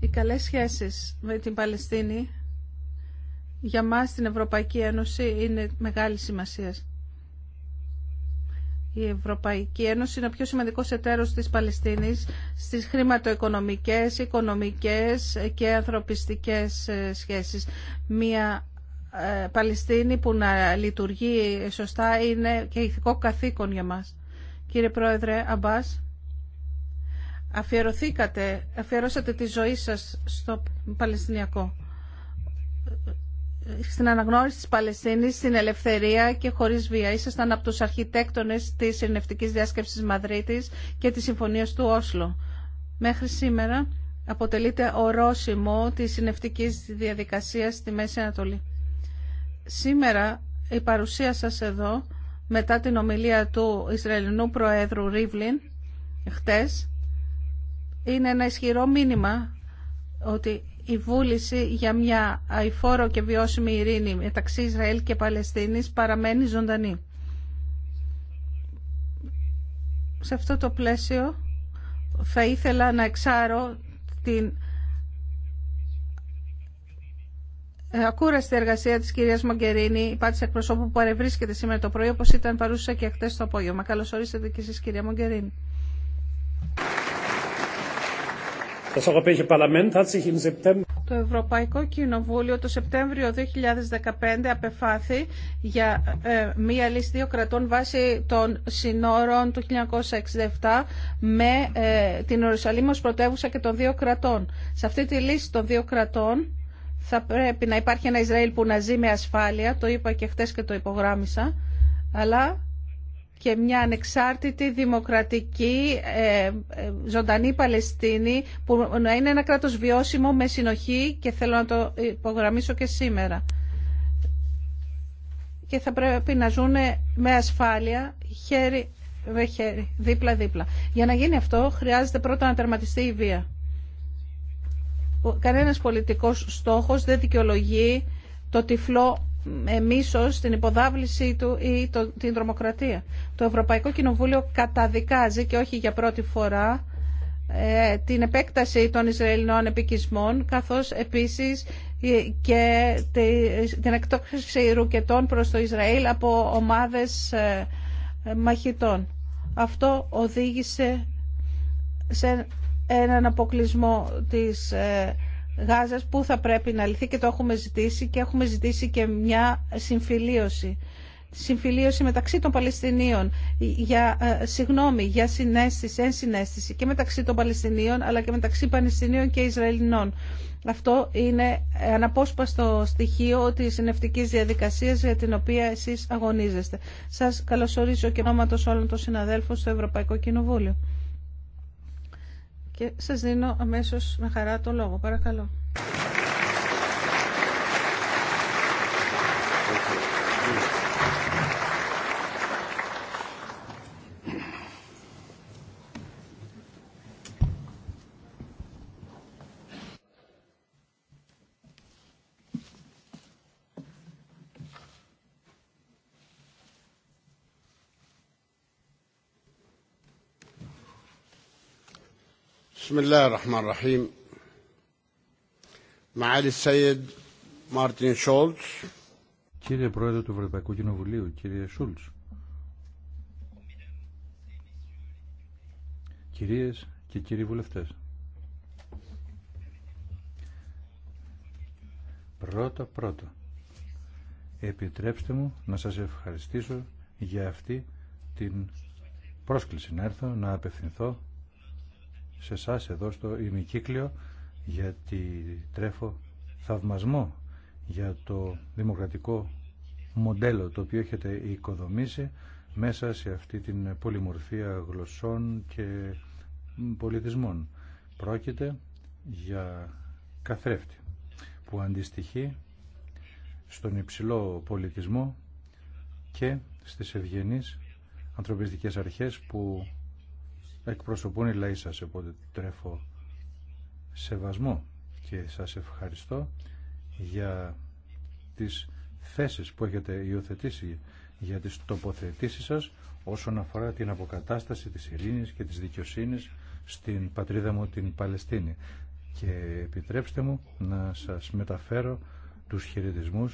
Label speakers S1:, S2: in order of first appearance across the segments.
S1: Οι καλές σχέσεις με την Παλαιστίνη για μας την Ευρωπαϊκή Ένωση είναι μεγάλη σημασία. Η Ευρωπαϊκή Ένωση είναι ο πιο σημαντικός εταίρος της Παλαιστίνης στις χρηματοοικονομικές, οικονομικές και ανθρωπιστικές ε, σχέσεις. Μια ε, Παλαιστίνη που να λειτουργεί σωστά είναι και ηθικό καθήκον για μας. Κύριε Πρόεδρε Αμπάς, αφιερωθήκατε, αφιερώσατε τη ζωή σας στο Παλαιστινιακό στην αναγνώριση της Παλαιστίνης, στην ελευθερία και χωρίς βία. Ήσασταν από τους αρχιτέκτονες της Ειρηνευτικής Διάσκεψης Μαδρίτης και της Συμφωνίας του Όσλο. Μέχρι σήμερα αποτελείται ορόσημο της Ειρηνευτικής Διαδικασίας στη Μέση Ανατολή. Σήμερα η παρουσία σας εδώ, μετά την ομιλία του Ισραηλινού Προέδρου Ρίβλιν, χτες, είναι ένα ισχυρό μήνυμα ότι η βούληση για μια αηφόρο και βιώσιμη ειρήνη μεταξύ Ισραήλ και Παλαιστίνης παραμένει ζωντανή. Σε αυτό το πλαίσιο θα ήθελα να εξάρω την ε, ακούραστη εργασία της κυρίας Μογκερίνη, η πάτης εκπροσώπου που παρευρίσκεται σήμερα το πρωί, όπως ήταν παρούσα και χτες το απόγευμα. Καλώς ορίσατε και εσείς κυρία Μογκερίνη. Το Ευρωπαϊκό Κοινοβούλιο το Σεπτέμβριο 2015 απεφάθη για ε, μία λύση δύο κρατών βάσει των συνόρων του 1967 με ε, την Ιερουσαλήμ ως πρωτεύουσα και των δύο κρατών. Σε αυτή τη λύση των δύο κρατών θα πρέπει να υπάρχει ένα Ισραήλ που να ζει με ασφάλεια, το είπα και χτες και το υπογράμμισα, αλλά και μια ανεξάρτητη, δημοκρατική, ε, ε, ζωντανή Παλαιστίνη που να είναι ένα κράτος βιώσιμο με συνοχή και θέλω να το υπογραμμίσω και σήμερα. Και θα πρέπει να ζουν με ασφάλεια χέρι με χέρι, δίπλα-δίπλα. Για να γίνει αυτό χρειάζεται πρώτα να τερματιστεί η βία. Κανένας πολιτικός στόχος δεν δικαιολογεί το τυφλό μίσο την υποδάβλησή του ή το, την τρομοκρατία. Το Ευρωπαϊκό Κοινοβούλιο καταδικάζει και όχι για πρώτη φορά ε, την επέκταση των Ισραηλινών επικισμών καθώς επίσης ε, και την εκτόξευση ρουκετών προς το Ισραήλ από ομάδες ε, μαχητών. Αυτό οδήγησε σε έναν αποκλεισμό της Γάζας που θα πρέπει να λυθεί και το έχουμε ζητήσει και έχουμε ζητήσει και μια συμφιλίωση. Συμφιλίωση μεταξύ των Παλαιστινίων για ε, συγγνώμη, για συνέστηση, ενσυναίσθηση και μεταξύ των Παλαιστινίων αλλά και μεταξύ Πανεστινίων και Ισραηλινών. Αυτό είναι αναπόσπαστο στοιχείο της ενευτικής διαδικασίας για την οποία εσείς αγωνίζεστε. Σας καλωσορίζω και ονόματος όλων των συναδέλφων στο Ευρωπαϊκό Κοινοβούλιο και σας δίνω αμέσως με χαρά το λόγο. Παρακαλώ.
S2: بسم الله
S3: Κύριε Πρόεδρε του Ευρωπαϊκού Κοινοβουλίου, κύριε Σούλτς, κυρίες και κύριοι βουλευτές, πρώτα πρώτα, επιτρέψτε μου να σας ευχαριστήσω για αυτή την πρόσκληση να έρθω να απευθυνθώ σε εσά εδώ στο ημικύκλιο γιατί τρέφω θαυμασμό για το δημοκρατικό μοντέλο το οποίο έχετε οικοδομήσει μέσα σε αυτή την πολυμορφία γλωσσών και πολιτισμών. Πρόκειται για καθρέφτη που αντιστοιχεί στον υψηλό πολιτισμό και στις ευγενείς ανθρωπιστικές αρχές που εκπροσωπούν οι λαοί σας, οπότε τρέφω σεβασμό και σας ευχαριστώ για τις θέσεις που έχετε υιοθετήσει για τις τοποθετήσεις σας όσον αφορά την αποκατάσταση της ειρήνης και της δικαιοσύνης στην πατρίδα μου την Παλαιστίνη. Και επιτρέψτε μου να σας μεταφέρω τους χαιρετισμού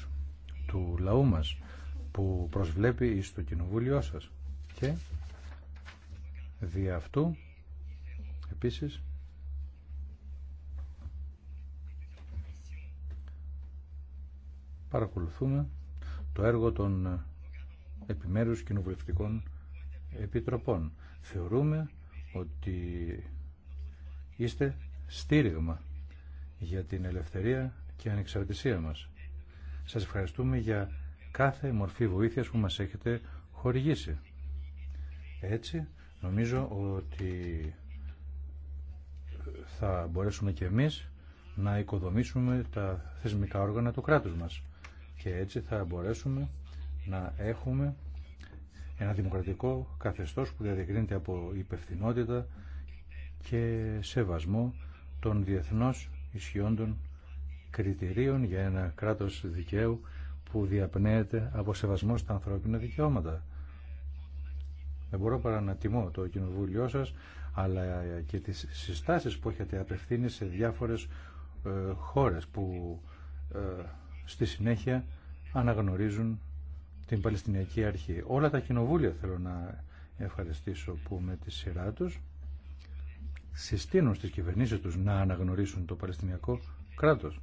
S3: του λαού μας που προσβλέπει στο κοινοβούλιο σας. Και Δι' αυτού, επίσης, παρακολουθούμε το έργο των επιμέρους κοινοβουλευτικών επιτροπών. Θεωρούμε ότι είστε στήριγμα για την ελευθερία και ανεξαρτησία μας. Σας ευχαριστούμε για κάθε μορφή βοήθειας που μας έχετε χορηγήσει. Έτσι Νομίζω ότι θα μπορέσουμε και εμείς να οικοδομήσουμε τα θεσμικά όργανα του κράτους μας και έτσι θα μπορέσουμε να έχουμε ένα δημοκρατικό καθεστώς που διακρίνεται από υπευθυνότητα και σεβασμό των διεθνώς ισχυόντων κριτηρίων για ένα κράτος δικαίου που διαπνέεται από σεβασμό στα ανθρώπινα δικαιώματα. Δεν μπορώ παρά να τιμώ το κοινοβούλιο σας, αλλά και τις συστάσεις που έχετε απευθύνει σε διάφορες ε, χώρες που ε, στη συνέχεια αναγνωρίζουν την Παλαιστινιακή Αρχή. Όλα τα κοινοβούλια θέλω να ευχαριστήσω που με τη σειρά τους συστήνουν στις κυβερνήσεις τους να αναγνωρίσουν το Παλαιστινιακό κράτος.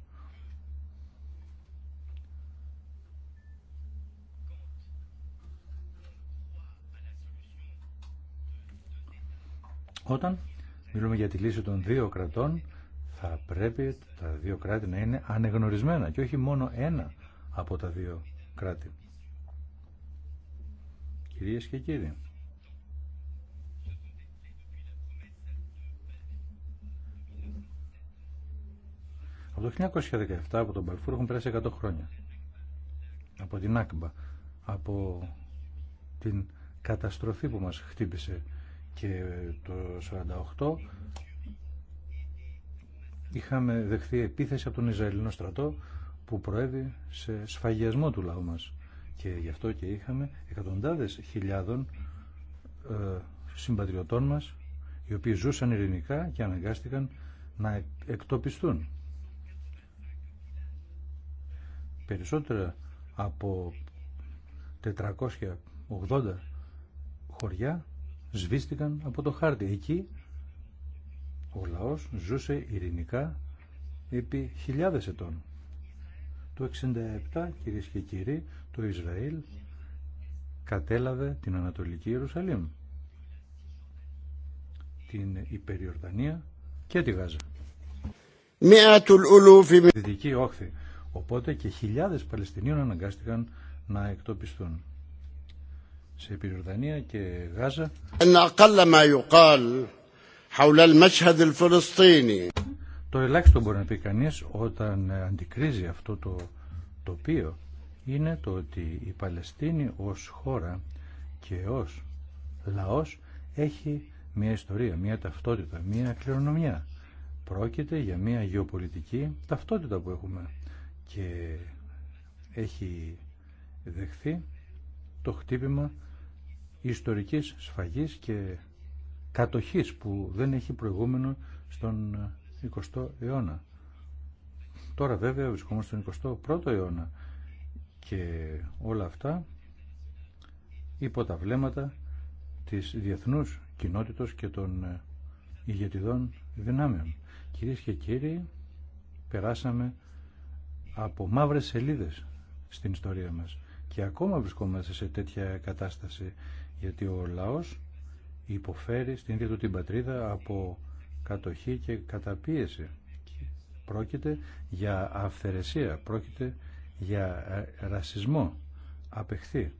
S3: Όταν μιλούμε για τη λύση των δύο κρατών, θα πρέπει τα δύο κράτη να είναι ανεγνωρισμένα και όχι μόνο ένα από τα δύο κράτη. Κυρίες και κύριοι, από το 1917 από τον Παλφούρ έχουν περάσει 100 χρόνια. Από την Άκμπα, από την καταστροφή που μας χτύπησε και το 1948 είχαμε δεχθεί επίθεση από τον Ισραηλινό στρατό που προέβη σε σφαγιασμό του λαού μας και γι' αυτό και είχαμε εκατοντάδες χιλιάδων ε, συμπατριωτών μας οι οποίοι ζούσαν ειρηνικά και αναγκάστηκαν να εκτοπιστούν. Περισσότερα από 480 χωριά σβήστηκαν από το χάρτη. Εκεί ο λαός ζούσε ειρηνικά επί χιλιάδες ετών. Το 67 κυρίες και κύριοι το Ισραήλ κατέλαβε την Ανατολική Ιερουσαλήμ την Υπεριορτανία και τη Γάζα. Οπότε και χιλιάδες Παλαιστινίων αναγκάστηκαν να εκτοπιστούν σε Επιρδανία και Γάζα. Το ελάχιστο μπορεί να πει κανείς όταν αντικρίζει αυτό το τοπίο είναι το ότι η Παλαιστίνη ως χώρα και ως λαός έχει μια ιστορία, μια ταυτότητα, μια κληρονομιά. Πρόκειται για μια γεωπολιτική ταυτότητα που έχουμε και έχει δεχθεί το χτύπημα ιστορικής σφαγής και κατοχής που δεν έχει προηγούμενο στον 20ο αιώνα. Τώρα βέβαια βρισκόμαστε στον 21ο αιώνα και όλα αυτά υπό τα βλέμματα της διεθνούς κοινότητος και των ηγετιδών δυνάμεων. Κυρίες και κύριοι, περάσαμε από μαύρες σελίδες στην ιστορία μας και ακόμα βρισκόμαστε σε τέτοια κατάσταση γιατί ο λαός υποφέρει στην ίδια του την πατρίδα από κατοχή και καταπίεση. Πρόκειται για αυθαιρεσία, πρόκειται για ρασισμό, απεχθή.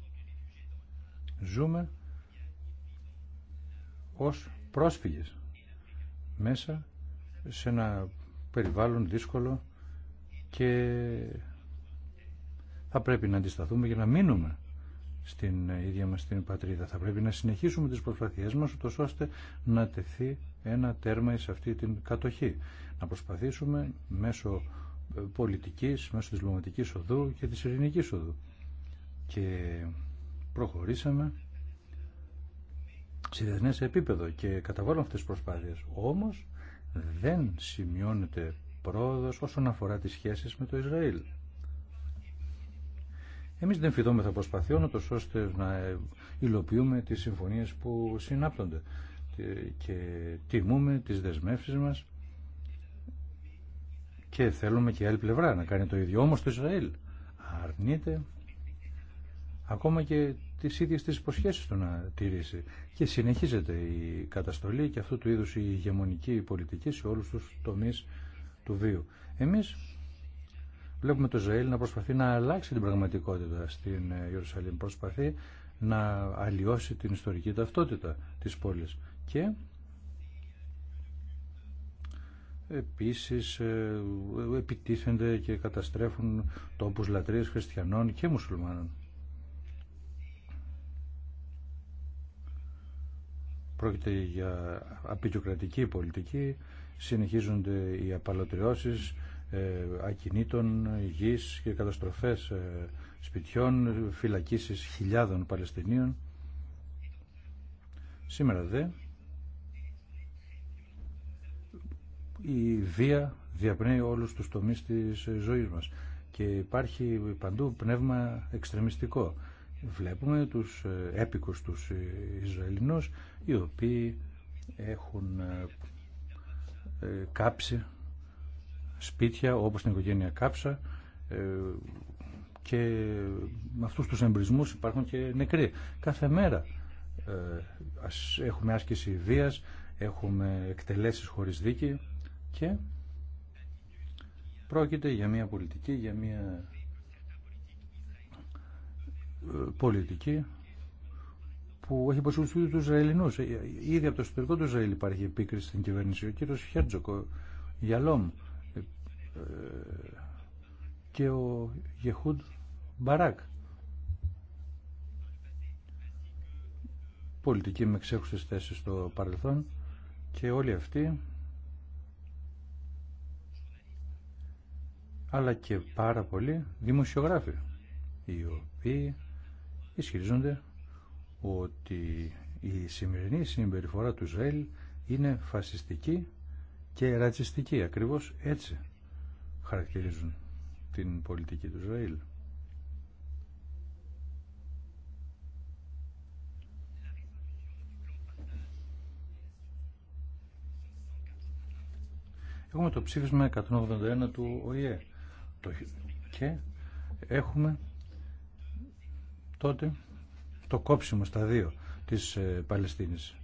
S3: Ζούμε ως πρόσφυγες μέσα σε ένα περιβάλλον δύσκολο και θα πρέπει να αντισταθούμε για να μείνουμε στην ίδια μας την πατρίδα. Θα πρέπει να συνεχίσουμε τις προσπαθίες μας, ώστε να τεθεί ένα τέρμα σε αυτή την κατοχή. Να προσπαθήσουμε μέσω ε, πολιτικής, μέσω της διπλωματικής οδού και της ειρηνικής οδού. Και προχωρήσαμε σε διεθνές επίπεδο και καταβάλουμε αυτές τις προσπάθειες. Όμως δεν σημειώνεται πρόοδος όσον αφορά τις σχέσεις με το Ισραήλ. Εμείς δεν φιδόμεθα προσπαθειών, ώστε να υλοποιούμε τις συμφωνίες που συνάπτονται και τιμούμε τις δεσμεύσεις μας και θέλουμε και η άλλη πλευρά να κάνει το ίδιο. Όμως το Ισραήλ αρνείται ακόμα και τις ίδιες τις υποσχέσεις του να τηρήσει. Και συνεχίζεται η καταστολή και αυτού του είδους η ηγεμονική πολιτική σε όλους τους τομείς του βίου. Εμείς βλέπουμε το Ζαήλ να προσπαθεί να αλλάξει την πραγματικότητα στην ε, Ιερουσαλήμ. Προσπαθεί να αλλοιώσει την ιστορική ταυτότητα της πόλης. Και επίσης ε, επιτίθενται και καταστρέφουν τόπους λατρείας χριστιανών και μουσουλμάνων. Πρόκειται για απεικιοκρατική πολιτική, συνεχίζονται οι απαλωτριώσεις, ε, ακινήτων, γης και καταστροφές ε, σπιτιών, φυλακίσεις χιλιάδων Παλαιστινίων. Σήμερα δε η βία διαπνέει όλους τους τομείς της ε, ζωής μας και υπάρχει παντού πνεύμα εξτρεμιστικό. Βλέπουμε τους έπικους τους Ισραηλινούς οι οποίοι έχουν κάψει σπίτια όπως την οικογένεια Κάψα ε, και με αυτούς τους εμπρισμούς υπάρχουν και νεκροί. Κάθε μέρα ε, έχουμε άσκηση βίας, έχουμε εκτελέσεις χωρίς δίκη και πρόκειται για μια πολιτική, για μια ε, πολιτική που έχει προσφυγεί του Ισραηλινούς. Ήδη από το εσωτερικό του Ισραήλ υπάρχει επίκριση στην κυβέρνηση. Ο κύριος Χέρτζοκο, Γιαλόμ, ε, και ο Γεχούντ Μπαράκ. Πολιτικοί με ξέχουσε θέσεις στο παρελθόν και όλοι αυτοί αλλά και πάρα πολλοί δημοσιογράφοι οι οποίοι ισχυρίζονται ότι η σημερινή συμπεριφορά του Ισραήλ είναι φασιστική και ρατσιστική ακριβώς έτσι χαρακτηρίζουν την πολιτική του Ισραήλ. Έχουμε το ψήφισμα 181 του ΟΗΕ και έχουμε τότε το κόψιμο στα δύο της ε, Παλαιστίνης.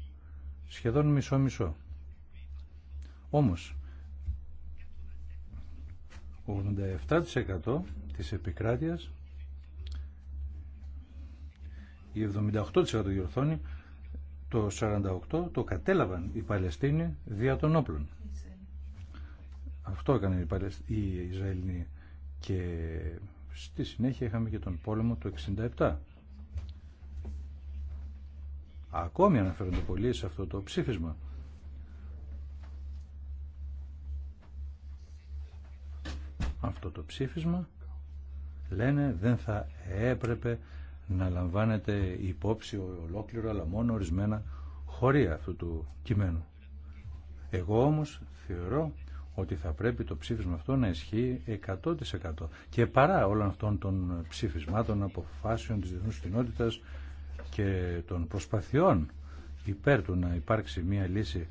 S3: Σχεδόν μισό-μισό. Όμως 87% της επικράτειας η 78% διορθώνει το 48% το κατέλαβαν οι Παλαιστίνοι δια των όπλων αυτό έκανε οι Παλαισ... και στη συνέχεια είχαμε και τον πόλεμο το 67 ακόμη αναφέρονται πολλοί σε αυτό το ψήφισμα αυτό το ψήφισμα λένε δεν θα έπρεπε να λαμβάνεται υπόψη ολόκληρο αλλά μόνο ορισμένα χωρία αυτού του κειμένου. Εγώ όμως θεωρώ ότι θα πρέπει το ψήφισμα αυτό να ισχύει 100% και παρά όλων αυτών των ψήφισμάτων, αποφάσεων της διεθνούς κοινότητα και των προσπαθειών υπέρ του να υπάρξει μια λύση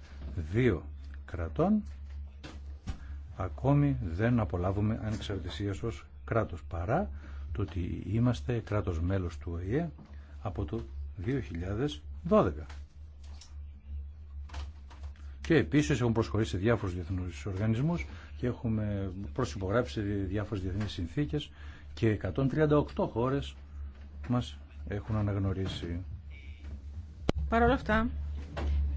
S3: δύο κρατών ακόμη δεν απολάβουμε ανεξαρτησία ως κράτος παρά το ότι είμαστε κράτος μέλος του ΟΗΕ από το 2012. Και επίσης έχουμε προσχωρήσει σε διάφορους διεθνούς οργανισμούς και έχουμε προσυπογράψει διάφορες διεθνείς συνθήκες και 138 χώρες μας έχουν αναγνωρίσει.
S1: Παρ' όλα αυτά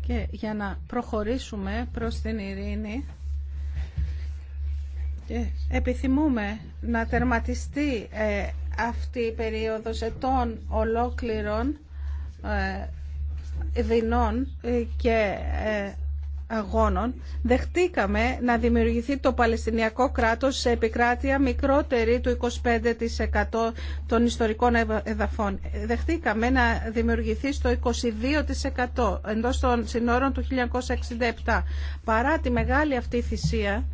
S1: και για να προχωρήσουμε προς την ειρήνη Επιθυμούμε να τερματιστεί ε, αυτή η περίοδος ετών ολόκληρων ε, δεινών ε, και αγώνων, δεχτήκαμε να δημιουργηθεί το Παλαιστινιακό κράτος σε επικράτεια μικρότερη του 25% των ιστορικών εδαφών. Δεχτήκαμε να δημιουργηθεί στο 22% εντός των συνόρων του 1967. Παρά τη μεγάλη αυτή θυσία,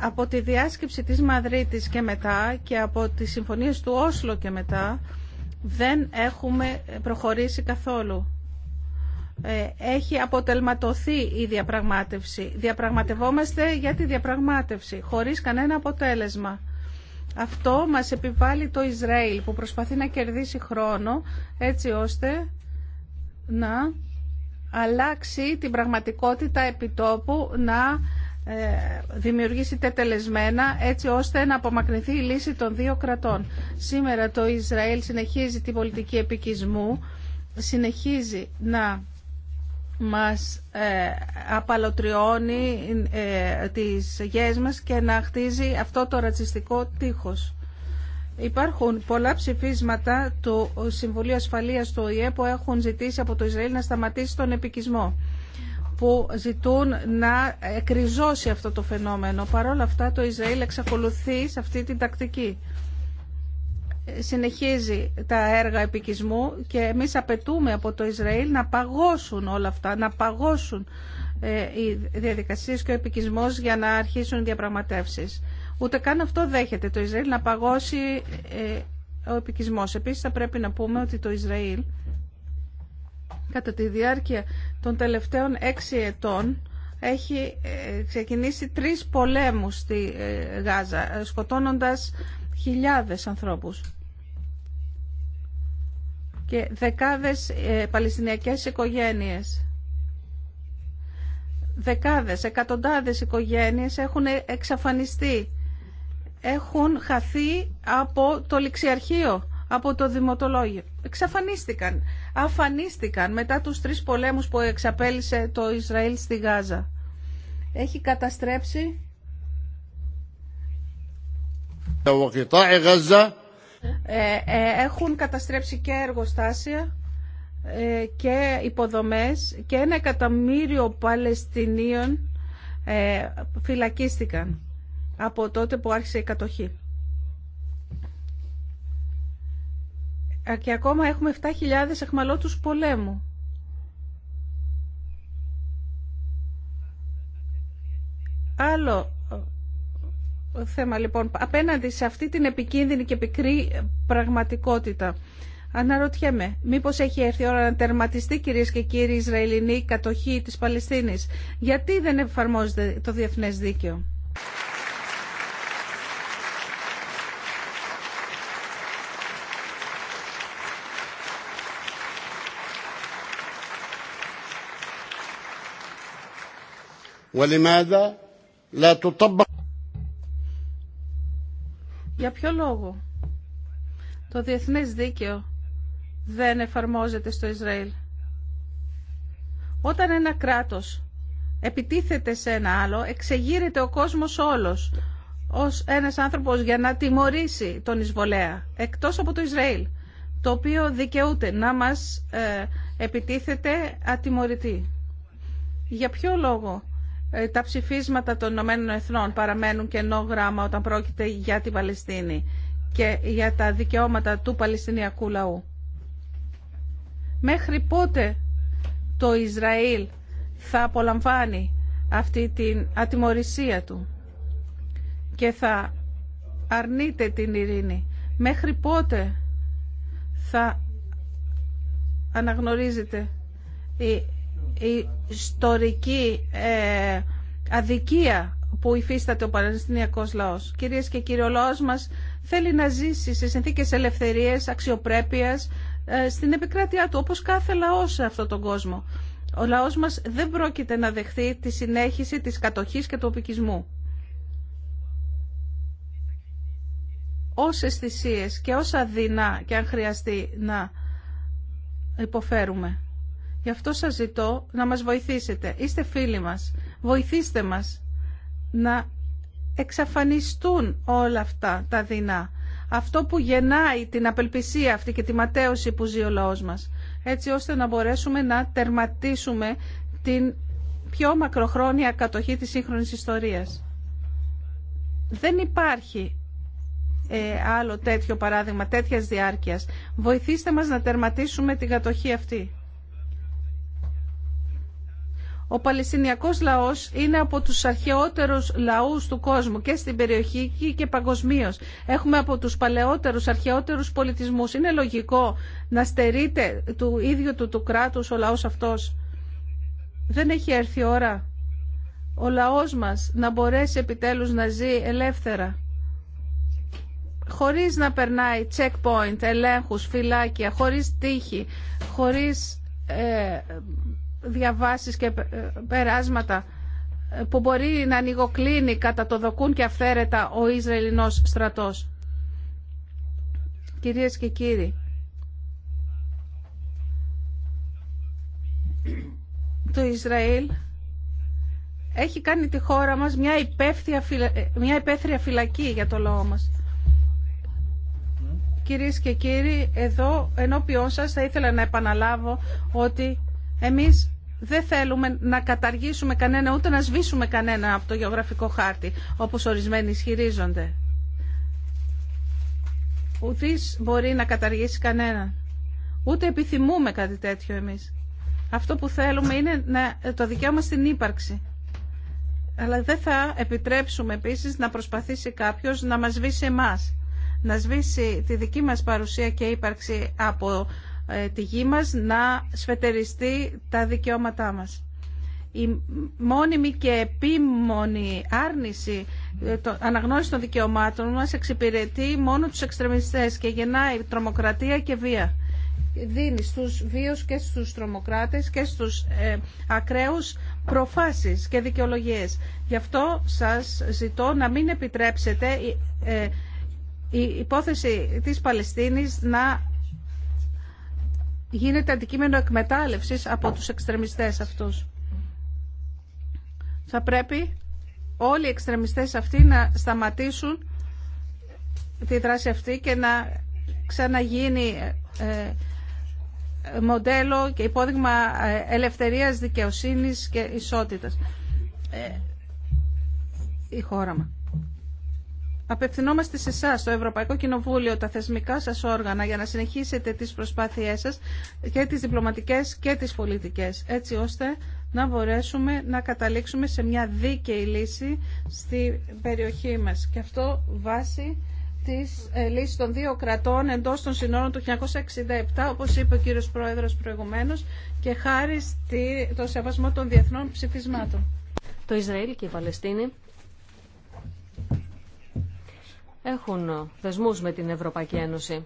S1: από τη διάσκεψη της Μαδρίτης και μετά και από τις συμφωνίες του Όσλο και μετά δεν έχουμε προχωρήσει καθόλου. Ε, έχει αποτελματωθεί η διαπραγμάτευση. Διαπραγματευόμαστε για τη διαπραγμάτευση, χωρίς κανένα αποτέλεσμα. Αυτό μας επιβάλλει το Ισραήλ που προσπαθεί να κερδίσει χρόνο έτσι ώστε να αλλάξει την πραγματικότητα επιτόπου, να ε, δημιουργήσει τετελεσμένα έτσι ώστε να απομακρυνθεί η λύση των δύο κρατών. Σήμερα το Ισραήλ συνεχίζει την πολιτική επικισμού, συνεχίζει να μας ε, απαλωτριώνει ε, τις γέες μας και να χτίζει αυτό το ρατσιστικό τείχος. Υπάρχουν πολλά ψηφίσματα του Συμβουλίου Ασφαλείας του ΟΗΕ που έχουν ζητήσει από το Ισραήλ να σταματήσει τον επικισμό που ζητούν να εκριζώσει αυτό το φαινόμενο. Παρ' όλα αυτά το Ισραήλ εξακολουθεί σε αυτή την τακτική. Συνεχίζει τα έργα επικισμού και εμείς απαιτούμε από το Ισραήλ να παγώσουν όλα αυτά, να παγώσουν ε, οι διαδικασίες και ο επικισμός για να αρχίσουν οι διαπραγματεύσεις. Ούτε καν αυτό δέχεται το Ισραήλ να παγώσει ε, ο επικισμός. Επίσης θα πρέπει να πούμε ότι το Ισραήλ κατά τη διάρκεια των τελευταίων έξι ετών έχει ε, ξεκινήσει τρεις πολέμους στη ε, Γάζα, ε, σκοτώνοντας χιλιάδες ανθρώπους. Και δεκάδες παλαιστινιακές οικογένειες. Δεκάδες, εκατοντάδες οικογένειες έχουν εξαφανιστεί. Έχουν χαθεί από το ληξιαρχείο από το δημοτολόγιο. Εξαφανίστηκαν. Αφανίστηκαν μετά τους τρεις πολέμους που εξαπέλυσε το Ισραήλ στη Γάζα. Έχει καταστρέψει ε, ε, έχουν καταστρέψει και εργοστάσια ε, και υποδομές και ένα εκατομμύριο Παλαιστινίων φυλακίστηκαν από τότε που άρχισε η κατοχή. και ακόμα έχουμε 7.000 εχμαλώτους πολέμου. Άλλο ε, θέμα λοιπόν, απέναντι σε αυτή την επικίνδυνη και πικρή πραγματικότητα. Αναρωτιέμαι, μήπως έχει έρθει η ώρα να τερματιστεί κυρίες και κύριοι Ισραηλινή κατοχή της Παλαιστίνης. Γιατί δεν εφαρμόζεται το διεθνές δίκαιο. Για ποιο λόγο το διεθνές δίκαιο δεν εφαρμόζεται στο Ισραήλ. Όταν ένα κράτος επιτίθεται σε ένα άλλο, εξεγείρεται ο κόσμος όλος ως ένας άνθρωπος για να τιμωρήσει τον εισβολέα, εκτός από το Ισραήλ, το οποίο δικαιούται να μας ε, επιτίθεται ατιμωρητή. Για ποιο λόγο ε, τα ψηφίσματα των Ηνωμένων Εθνών παραμένουν κενό γράμμα όταν πρόκειται για την Παλαιστίνη και για τα δικαιώματα του Παλαιστινιακού λαού. Μέχρι πότε το Ισραήλ θα απολαμβάνει αυτή την ατιμορρησία του και θα αρνείται την ειρήνη. Μέχρι πότε θα αναγνωρίζεται η η ιστορική ε, αδικία που υφίσταται ο Παλαιστινιακός λαός. Κυρίες και κύριοι, ο λαός μας θέλει να ζήσει σε συνθήκες ελευθερίας, αξιοπρέπειας, ε, στην επικράτειά του, όπως κάθε λαός σε αυτόν τον κόσμο. Ο λαός μας δεν πρόκειται να δεχθεί τη συνέχιση της κατοχής και του οπικισμού. Όσες θυσίες και όσα δεινά και αν χρειαστεί να υποφέρουμε. Γι' αυτό σας ζητώ να μας βοηθήσετε. Είστε φίλοι μας. Βοηθήστε μας να εξαφανιστούν όλα αυτά τα δεινά. Αυτό που γεννάει την απελπισία αυτή και τη ματέωση που ζει ο λαός μας. Έτσι ώστε να μπορέσουμε να τερματίσουμε την πιο μακροχρόνια κατοχή της σύγχρονης ιστορίας. Δεν υπάρχει ε, άλλο τέτοιο παράδειγμα τέτοιας διάρκειας. Βοηθήστε μας να τερματίσουμε την κατοχή αυτή. Ο Παλαιστινιακός λαός είναι από τους αρχαιότερους λαούς του κόσμου και στην περιοχή και παγκοσμίω. Έχουμε από τους παλαιότερους αρχαιότερους πολιτισμούς. Είναι λογικό να στερείται του ίδιου του, του κράτους ο λαός αυτός. Δεν έχει έρθει η ώρα ο λαός μας να μπορέσει επιτέλους να ζει ελεύθερα χωρίς να περνάει checkpoint, ελέγχους, φυλάκια, χωρίς τύχη, χωρίς ε, διαβάσεις και περάσματα που μπορεί να ανοιγοκλίνει κατά το δοκούν και αυθαίρετα ο Ισραηλινός στρατός. Κυρίες και κύριοι, το Ισραήλ έχει κάνει τη χώρα μας μια, υπεύθυα, ε, μια υπαίθρια φυλακή για το λόγο μας. Κυρίες και κύριοι, εδώ ενώπιόν σας θα ήθελα να επαναλάβω ότι εμείς δεν θέλουμε να καταργήσουμε κανένα, ούτε να σβήσουμε κανένα από το γεωγραφικό χάρτη, όπως ορισμένοι ισχυρίζονται. Ούτε μπορεί να καταργήσει κανένα. Ούτε επιθυμούμε κάτι τέτοιο εμείς. Αυτό που θέλουμε είναι να, το δικαίωμα στην ύπαρξη. Αλλά δεν θα επιτρέψουμε επίσης να προσπαθήσει κάποιος να μας σβήσει εμάς. Να σβήσει τη δική μας παρουσία και ύπαρξη από ε, τη γη μας, να σφετεριστεί τα δικαιώματά μας. Η μόνιμη και επίμονη άρνηση ε, το, αναγνώριση των δικαιωμάτων μας εξυπηρετεί μόνο τους εξτρεμιστές και γεννάει τρομοκρατία και βία. Δίνει στους βίους και στους τρομοκράτες και στους ε, ακραίους προφάσεις και δικαιολογίες. Γι' αυτό σας ζητώ να μην επιτρέψετε η, ε, η υπόθεση της Παλαιστίνης να γίνεται αντικείμενο εκμετάλλευσης από τους εξτρεμιστές αυτούς. Θα πρέπει όλοι οι εξτρεμιστές αυτοί να σταματήσουν τη δράση αυτή και να ξαναγίνει ε, μοντέλο και υπόδειγμα ε, ελευθερίας, δικαιοσύνης και ισότητας ε, η χώρα μας. Απευθυνόμαστε σε εσά, το Ευρωπαϊκό Κοινοβούλιο, τα θεσμικά σα όργανα, για να συνεχίσετε τι προσπάθειέ σα και τι διπλωματικέ και τι πολιτικέ, έτσι ώστε να μπορέσουμε να καταλήξουμε σε μια δίκαιη λύση στη περιοχή μα. Και αυτό βάσει τη ε, λύση των δύο κρατών εντό των συνόρων του 1967, όπω είπε ο κύριο Πρόεδρο προηγουμένω, και χάρη στο σεβασμό των διεθνών ψηφισμάτων.
S4: Το Ισραήλ και η Παλαιστίνη έχουν δεσμούς με την Ευρωπαϊκή Ένωση.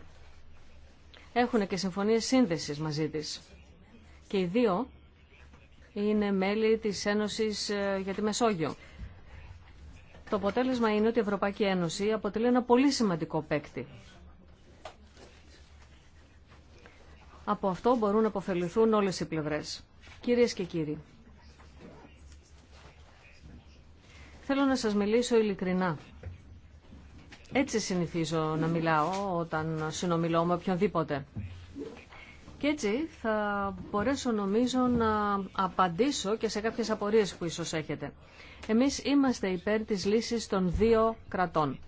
S4: Έχουν και συμφωνίες σύνδεσης μαζί της. Και οι δύο είναι μέλη της Ένωσης ε, για τη Μεσόγειο. Το αποτέλεσμα είναι ότι η Ευρωπαϊκή Ένωση αποτελεί ένα πολύ σημαντικό παίκτη. Από αυτό μπορούν να αποφεληθούν όλες οι πλευρές. Κυρίες και κύριοι, θέλω να σας μιλήσω ειλικρινά έτσι συνηθίζω να μιλάω όταν συνομιλώ με οποιονδήποτε. Και έτσι θα μπορέσω νομίζω να απαντήσω και σε κάποιες απορίες που ίσως έχετε. Εμείς είμαστε υπέρ της λύσης των δύο κρατών.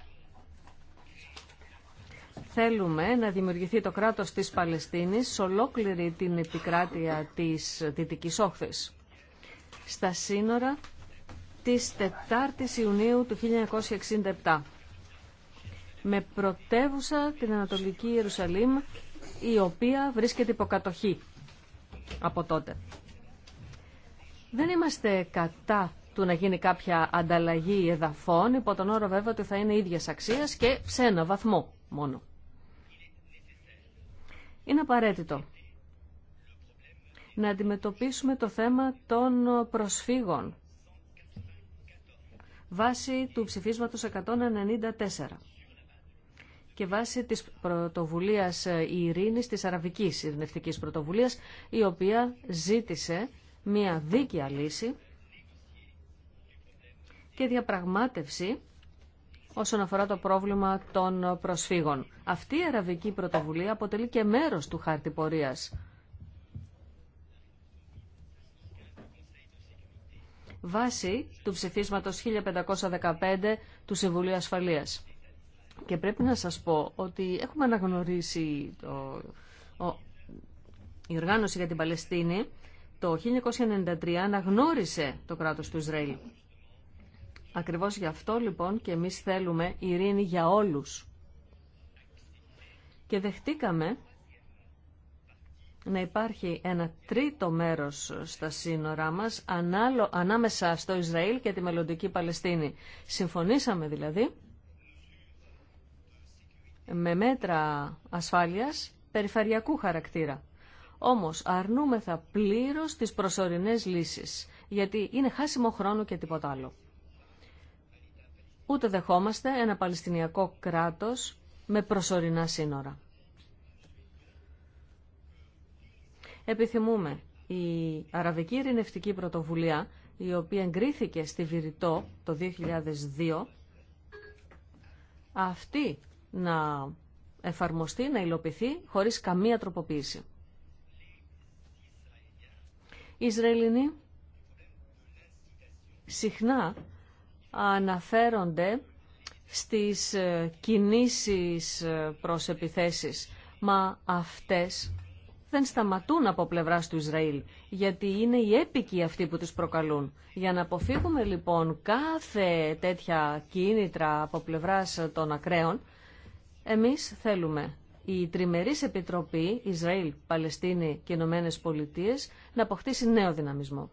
S4: Θέλουμε να δημιουργηθεί το κράτος της Παλαιστίνης σε ολόκληρη την επικράτεια της Δυτικής Όχθης. Στα σύνορα της 4ης Ιουνίου του 1967 με πρωτεύουσα την Ανατολική Ιερουσαλήμ η οποία βρίσκεται υποκατοχή από τότε. Δεν είμαστε κατά του να γίνει κάποια ανταλλαγή εδαφών, υπό τον όρο βέβαια ότι θα είναι ίδιας αξίας και σε ένα βαθμό μόνο. Είναι απαραίτητο να αντιμετωπίσουμε το θέμα των προσφύγων βάσει του ψηφίσματος 194 και βάσει της πρωτοβουλίας η ε, ειρήνης της αραβικής ειρηνευτικής πρωτοβουλίας η οποία ζήτησε μια δίκαια λύση και διαπραγμάτευση όσον αφορά το πρόβλημα των προσφύγων. Αυτή η αραβική πρωτοβουλία αποτελεί και μέρος του χάρτη πορείας. Βάσει του ψηφίσματος 1515 του Συμβουλίου Ασφαλείας. Και πρέπει να σας πω ότι έχουμε αναγνωρίσει το, ο, η οργάνωση για την Παλαιστίνη το 1993 αναγνώρισε το κράτος του Ισραήλ. Ακριβώς γι' αυτό λοιπόν και εμείς θέλουμε ειρήνη για όλους. Και δεχτήκαμε να υπάρχει ένα τρίτο μέρος στα σύνορά μας ανάμεσα στο Ισραήλ και τη μελλοντική Παλαιστίνη. Συμφωνήσαμε δηλαδή με μέτρα ασφάλειας περιφερειακού χαρακτήρα. Όμως αρνούμεθα πλήρως τις προσωρινές λύσεις, γιατί είναι χάσιμο χρόνο και τίποτα άλλο. Ούτε δεχόμαστε ένα Παλαιστινιακό κράτος με προσωρινά σύνορα. Επιθυμούμε η Αραβική Ειρηνευτική Πρωτοβουλία, η οποία εγκρίθηκε στη Βηρητό το 2002, αυτή να εφαρμοστεί, να υλοποιηθεί χωρίς καμία τροποποίηση. Οι Ισραηλινοί συχνά αναφέρονται στις ε, κινήσεις ε, προς επιθέσεις, μα αυτές δεν σταματούν από πλευράς του Ισραήλ, γιατί είναι οι έπικοι αυτοί που τους προκαλούν. Για να αποφύγουμε λοιπόν κάθε τέτοια κίνητρα από πλευράς των ακραίων, εμείς θέλουμε η τριμερής επιτροπή Ισραήλ, Παλαιστίνη και Ηνωμένε Πολιτείε να αποκτήσει νέο δυναμισμό.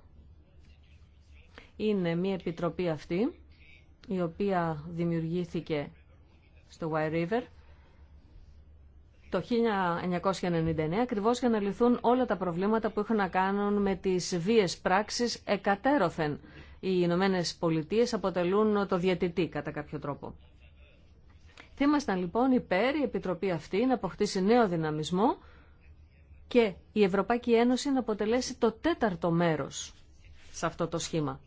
S4: Είναι μια επιτροπή αυτή η οποία δημιουργήθηκε στο White River το 1999 ακριβώς για να λυθούν όλα τα προβλήματα που είχαν να κάνουν με τις βίες πράξεις εκατέρωθεν. Οι Ηνωμένε Πολιτείε αποτελούν το διαιτητή κατά κάποιο τρόπο. Θα λοιπόν υπέρ η Επιτροπή αυτή να αποκτήσει νέο δυναμισμό και η Ευρωπαϊκή Ένωση να αποτελέσει το τέταρτο μέρος σε αυτό το σχήμα.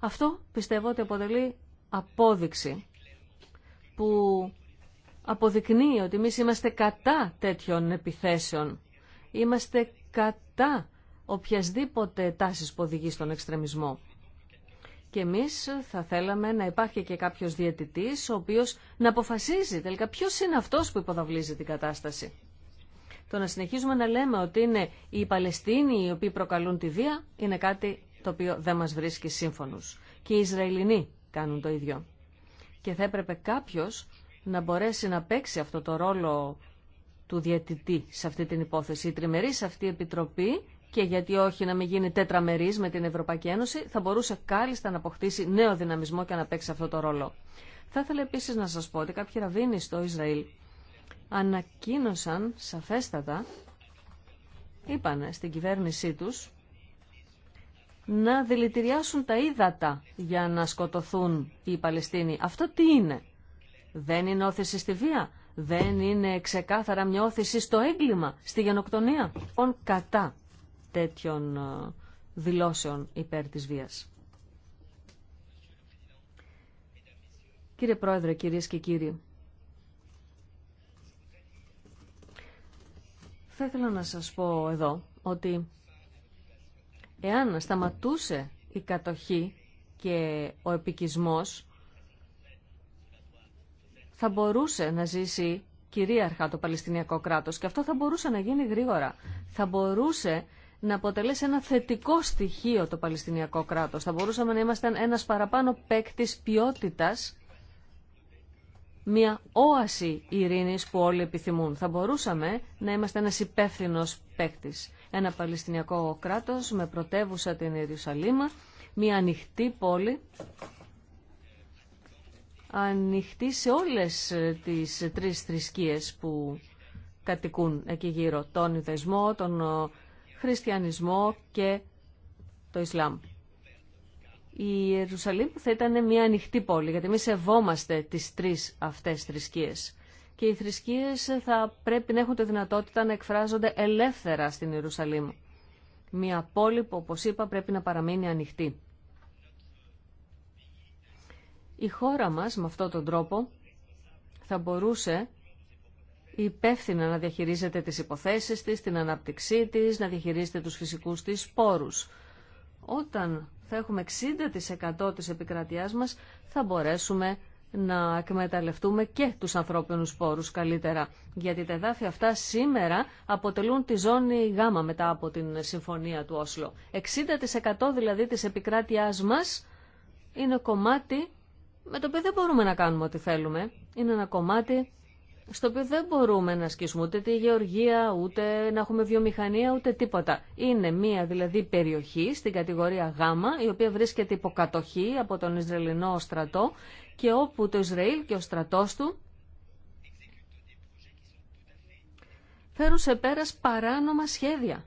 S4: Αυτό πιστεύω ότι αποτελεί απόδειξη που αποδεικνύει ότι εμεί είμαστε κατά τέτοιων επιθέσεων. Είμαστε κατά οποιασδήποτε τάσεις που οδηγεί στον εξτρεμισμό. Και εμείς θα θέλαμε να υπάρχει και κάποιος διαιτητής ο οποίος να αποφασίζει τελικά ποιος είναι αυτός που υποδαβλίζει την κατάσταση. Το να συνεχίζουμε να λέμε ότι είναι οι Παλαιστίνοι οι οποίοι προκαλούν τη βία είναι κάτι το οποίο δεν μας βρίσκει σύμφωνους. Και οι Ισραηλινοί κάνουν το ίδιο. Και θα έπρεπε κάποιος να μπορέσει να παίξει αυτό το ρόλο του διαιτητή σε αυτή την υπόθεση. Η σε αυτή επιτροπή και γιατί όχι να μην γίνει τέτραμερή με την Ευρωπαϊκή Ένωση, θα μπορούσε κάλλιστα να αποκτήσει νέο δυναμισμό και να παίξει αυτό το ρόλο. Θα ήθελα επίση να σα πω ότι κάποιοι ραβίνοι στο Ισραήλ ανακοίνωσαν σαφέστατα, είπανε στην κυβέρνησή του, να δηλητηριάσουν τα ύδατα για να σκοτωθούν οι Παλαιστίνοι. Αυτό τι είναι. Δεν είναι όθηση στη βία. Δεν είναι ξεκάθαρα μια όθηση στο έγκλημα, στη γενοκτονία. Ον κατά τέτοιων ε, δηλώσεων υπέρ της βίας. Κύριε Πρόεδρε, κυρίες και κύριοι, θα ήθελα να σας πω εδώ ότι εάν σταματούσε η κατοχή και ο επικισμός, θα μπορούσε να ζήσει κυρίαρχα το Παλαιστινιακό κράτος και αυτό θα μπορούσε να γίνει γρήγορα. Θα μπορούσε να αποτελέσει ένα θετικό στοιχείο το Παλαιστινιακό κράτος. Θα μπορούσαμε να είμαστε ένας παραπάνω παίκτη ποιότητας, μια όαση ειρήνης που όλοι επιθυμούν. Θα μπορούσαμε να είμαστε ένας υπεύθυνο παίκτη. Ένα Παλαιστινιακό κράτος με πρωτεύουσα την Ιερουσαλήμα, μια ανοιχτή πόλη, ανοιχτή σε όλες τις τρεις θρησκείες που κατοικούν εκεί γύρω. Τον Ιδεσμό, τον χριστιανισμό και το Ισλάμ. Η Ιερουσαλήμ θα ήταν μια ανοιχτή πόλη, γιατί εμεί σεβόμαστε τις τρεις αυτές θρησκείες. Και οι θρησκείες θα πρέπει να έχουν τη δυνατότητα να εκφράζονται ελεύθερα στην Ιερουσαλήμ. Μια πόλη που, όπως είπα, πρέπει να παραμείνει ανοιχτή. Η χώρα μας, με αυτόν τον τρόπο, θα μπορούσε υπεύθυνα να διαχειρίζεται τις υποθέσεις της, την ανάπτυξή της, να διαχειρίζεται τους φυσικούς της σπόρους. Όταν θα έχουμε 60% της επικρατείας μας, θα μπορέσουμε να εκμεταλλευτούμε και τους ανθρώπινους σπόρους καλύτερα. Γιατί τα εδάφια αυτά σήμερα αποτελούν τη ζώνη Γ μετά από την συμφωνία του Όσλο. 60% δηλαδή της επικράτειάς μας είναι κομμάτι με το οποίο δεν μπορούμε να κάνουμε ό,τι θέλουμε. Είναι ένα κομμάτι στο οποίο δεν μπορούμε να ασκήσουμε ούτε τη γεωργία, ούτε να έχουμε βιομηχανία, ούτε τίποτα. Είναι μία δηλαδή περιοχή στην κατηγορία Γ, η οποία βρίσκεται υποκατοχή από τον Ισραηλινό στρατό και όπου το Ισραήλ και ο στρατός του φέρουν σε πέρας παράνομα σχέδια.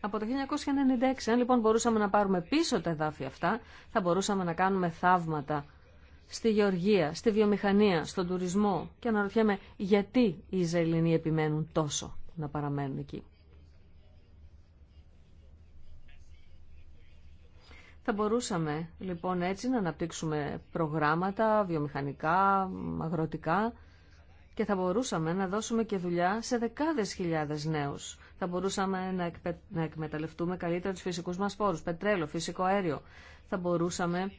S4: Από το 1996, αν λοιπόν μπορούσαμε να πάρουμε πίσω τα εδάφια αυτά, θα μπορούσαμε να κάνουμε θαύματα στη γεωργία, στη βιομηχανία, στον τουρισμό και αναρωτιέμαι γιατί οι Ισραηλινοί επιμένουν τόσο να παραμένουν εκεί. Θα μπορούσαμε λοιπόν έτσι να αναπτύξουμε προγράμματα βιομηχανικά, αγροτικά και θα μπορούσαμε να δώσουμε και δουλειά σε δεκάδες χιλιάδες νέους. Θα μπορούσαμε να, εκπε... να εκμεταλλευτούμε καλύτερα τους φυσικούς μας πόρους, πετρέλαιο, φυσικό αέριο. Θα μπορούσαμε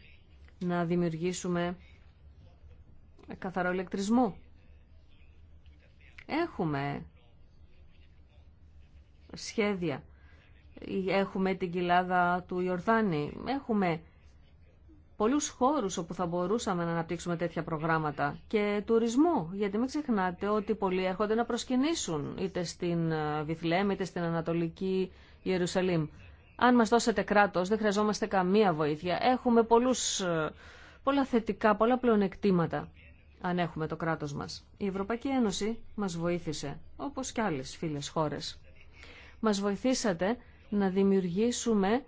S4: να δημιουργήσουμε καθαρό ηλεκτρισμό. Έχουμε σχέδια. Έχουμε την κοιλάδα του Ιορδάνη. Έχουμε πολλούς χώρους όπου θα μπορούσαμε να αναπτύξουμε τέτοια προγράμματα και τουρισμό, γιατί μην ξεχνάτε ότι πολλοί έρχονται να προσκυνήσουν είτε στην Βιθλέμ είτε στην Ανατολική Ιερουσαλήμ αν μας δώσετε κράτος, δεν χρειαζόμαστε καμία βοήθεια. Έχουμε πολλούς, ε, πολλά θετικά, πολλά πλεονεκτήματα, αν έχουμε το κράτος μας. Η Ευρωπαϊκή Ένωση μας βοήθησε, όπως και άλλες φίλες χώρες. Μας βοηθήσατε να δημιουργήσουμε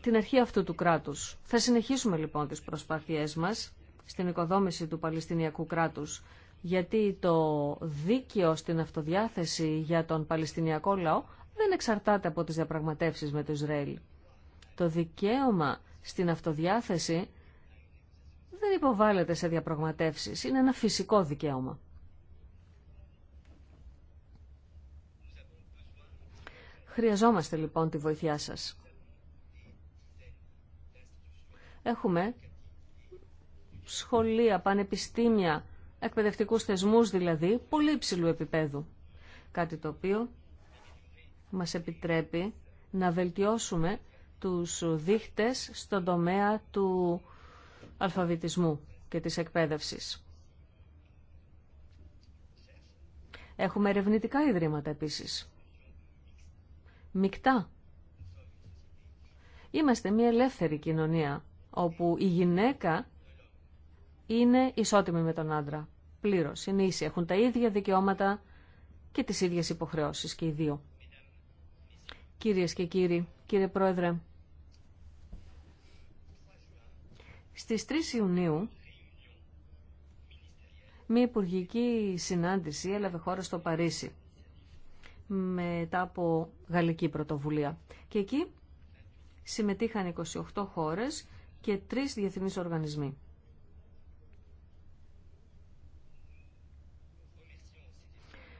S4: την αρχή αυτού του κράτους. Θα συνεχίσουμε λοιπόν τις προσπάθειές μας στην οικοδόμηση του Παλαιστινιακού κράτους, γιατί το δίκαιο στην αυτοδιάθεση για τον Παλαιστινιακό λαό δεν εξαρτάται από τις διαπραγματεύσεις με το Ισραήλ. Το δικαίωμα στην αυτοδιάθεση δεν υποβάλλεται σε διαπραγματεύσεις. Είναι ένα φυσικό δικαίωμα. Χρειαζόμαστε λοιπόν τη βοήθειά σας. Έχουμε σχολεία, πανεπιστήμια, εκπαιδευτικούς θεσμούς δηλαδή, πολύ υψηλού επίπεδου. Κάτι το οποίο μας επιτρέπει να βελτιώσουμε τους δείχτες στον τομέα του αλφαβητισμού και της εκπαίδευσης. Έχουμε ερευνητικά ιδρύματα επίσης. Μικτά. Είμαστε μια ελεύθερη κοινωνία, όπου η γυναίκα είναι ισότιμη με τον άντρα. Πλήρως, είναι ίση, έχουν τα ίδια δικαιώματα και τις ίδιες υποχρεώσεις και οι δύο. Κυρίες και κύριοι, κύριε Πρόεδρε, στις 3 Ιουνίου μια υπουργική συνάντηση έλαβε χώρα στο Παρίσι μετά από γαλλική πρωτοβουλία. Και εκεί συμμετείχαν 28 χώρες και τρεις διεθνείς οργανισμοί.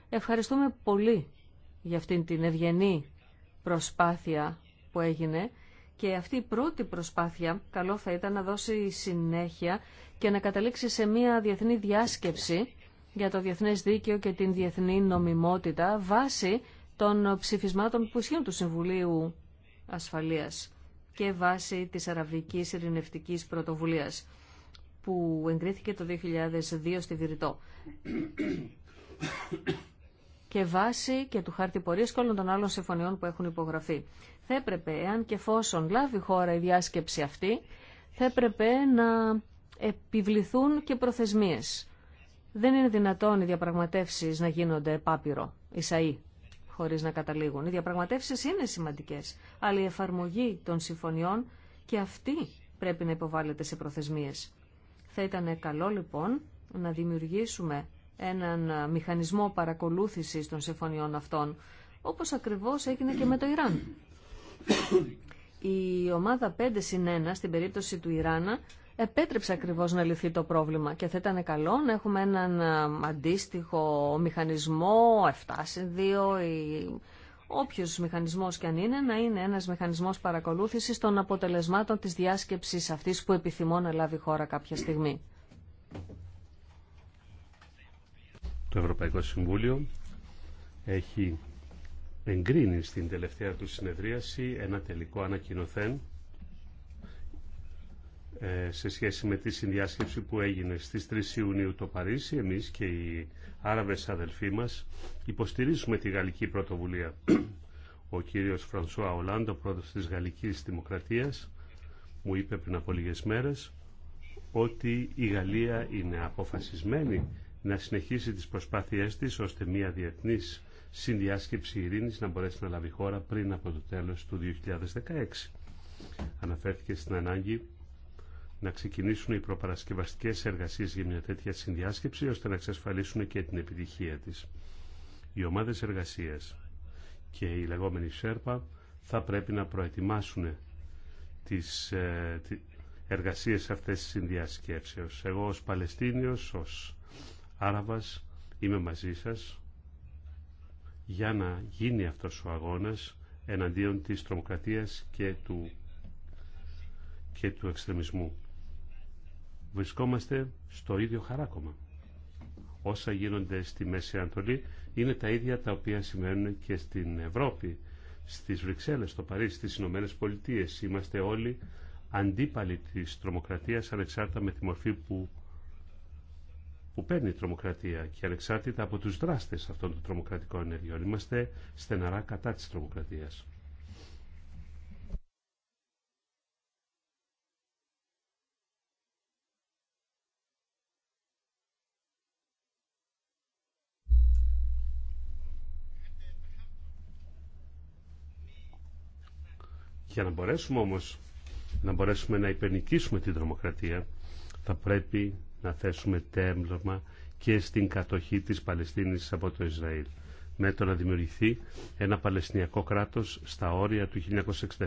S4: Ευχαριστούμε πολύ για αυτήν την ευγενή προσπάθεια που έγινε και αυτή η πρώτη προσπάθεια καλό θα ήταν να δώσει συνέχεια και να καταλήξει σε μια διεθνή διάσκεψη για το διεθνές δίκαιο και την διεθνή νομιμότητα βάσει των ψηφισμάτων που ισχύουν του Συμβουλίου Ασφαλείας και βάσει της Αραβικής Ειρηνευτικής Πρωτοβουλίας που εγκρίθηκε το 2002 στη Βηρητό και βάση και του χάρτη πορείας όλων των άλλων συμφωνιών που έχουν υπογραφεί. Θα έπρεπε, εάν και εφόσον λάβει χώρα η διάσκεψη αυτή, θα έπρεπε να επιβληθούν και προθεσμίες. Δεν είναι δυνατόν οι διαπραγματεύσεις να γίνονται πάπυρο, ισαΐ, χωρίς να καταλήγουν. Οι διαπραγματεύσεις είναι σημαντικές, αλλά η εφαρμογή των συμφωνιών και αυτή πρέπει να υποβάλλεται σε προθεσμίες. Θα ήταν καλό λοιπόν να δημιουργήσουμε έναν μηχανισμό παρακολούθησης των συμφωνιών αυτών, όπως ακριβώς έγινε και με το Ιράν. Η ομάδα 5 συν 1 στην περίπτωση του Ιράνα επέτρεψε ακριβώς να λυθεί το πρόβλημα και θα ήταν καλό να έχουμε έναν αντίστοιχο μηχανισμό 7 συν 2 ή όποιος μηχανισμός και αν είναι να είναι ένας μηχανισμός παρακολούθησης των αποτελεσμάτων της διάσκεψης αυτής που επιθυμώ να λάβει η χώρα κάποια στιγμή.
S2: Το Ευρωπαϊκό Συμβούλιο έχει εγκρίνει στην τελευταία του συνεδρίαση ένα τελικό ανακοινωθέν ε, σε σχέση με τη συνδιάσκεψη που έγινε στις 3 Ιουνίου το Παρίσι, εμείς και οι Άραβες αδελφοί μας υποστηρίζουμε τη γαλλική πρωτοβουλία. Ο κύριος Φρανσουά Ολάντο, πρόεδρος της Γαλλικής Δημοκρατίας, μου είπε πριν από λίγες μέρες ότι η Γαλλία είναι αποφασισμένη να συνεχίσει τις προσπάθειές της ώστε μια διεθνής συνδιάσκεψη ειρήνης να μπορέσει να λάβει χώρα πριν από το τέλος του 2016. Αναφέρθηκε στην ανάγκη να ξεκινήσουν οι προπαρασκευαστικές εργασίες για μια τέτοια συνδιάσκεψη ώστε να εξασφαλίσουν και την επιτυχία της. Οι ομάδες εργασίας και οι λεγόμενοι ΣΕΡΠΑ θα πρέπει να προετοιμάσουν τις ε, εργασίες αυτές της συνδιασκέψεως. Εγώ ως Παλαιστίνιος, ως Άραβας, είμαι μαζί σας για να γίνει αυτός ο αγώνας εναντίον της τρομοκρατίας και του, και του εξτρεμισμού. Βρισκόμαστε στο ίδιο χαράκωμα. Όσα γίνονται στη Μέση Ανατολή είναι τα ίδια τα οποία σημαίνουν και στην Ευρώπη, στις Βρυξέλλες, στο Παρίσι, στις Ηνωμένες Πολιτείες. Είμαστε όλοι αντίπαλοι της τρομοκρατίας ανεξάρτητα με τη μορφή που που παίρνει η τρομοκρατία και ανεξάρτητα από τους δράστες αυτών των τρομοκρατικών ενεργειών. Είμαστε στεναρά κατά της τρομοκρατίας. Για να μπορέσουμε όμως να μπορέσουμε να υπερνικήσουμε την τρομοκρατία θα πρέπει να θέσουμε τέμπλωμα και στην κατοχή της Παλαιστίνης από το Ισραήλ. Με το να δημιουργηθεί ένα Παλαιστινιακό κράτος στα όρια του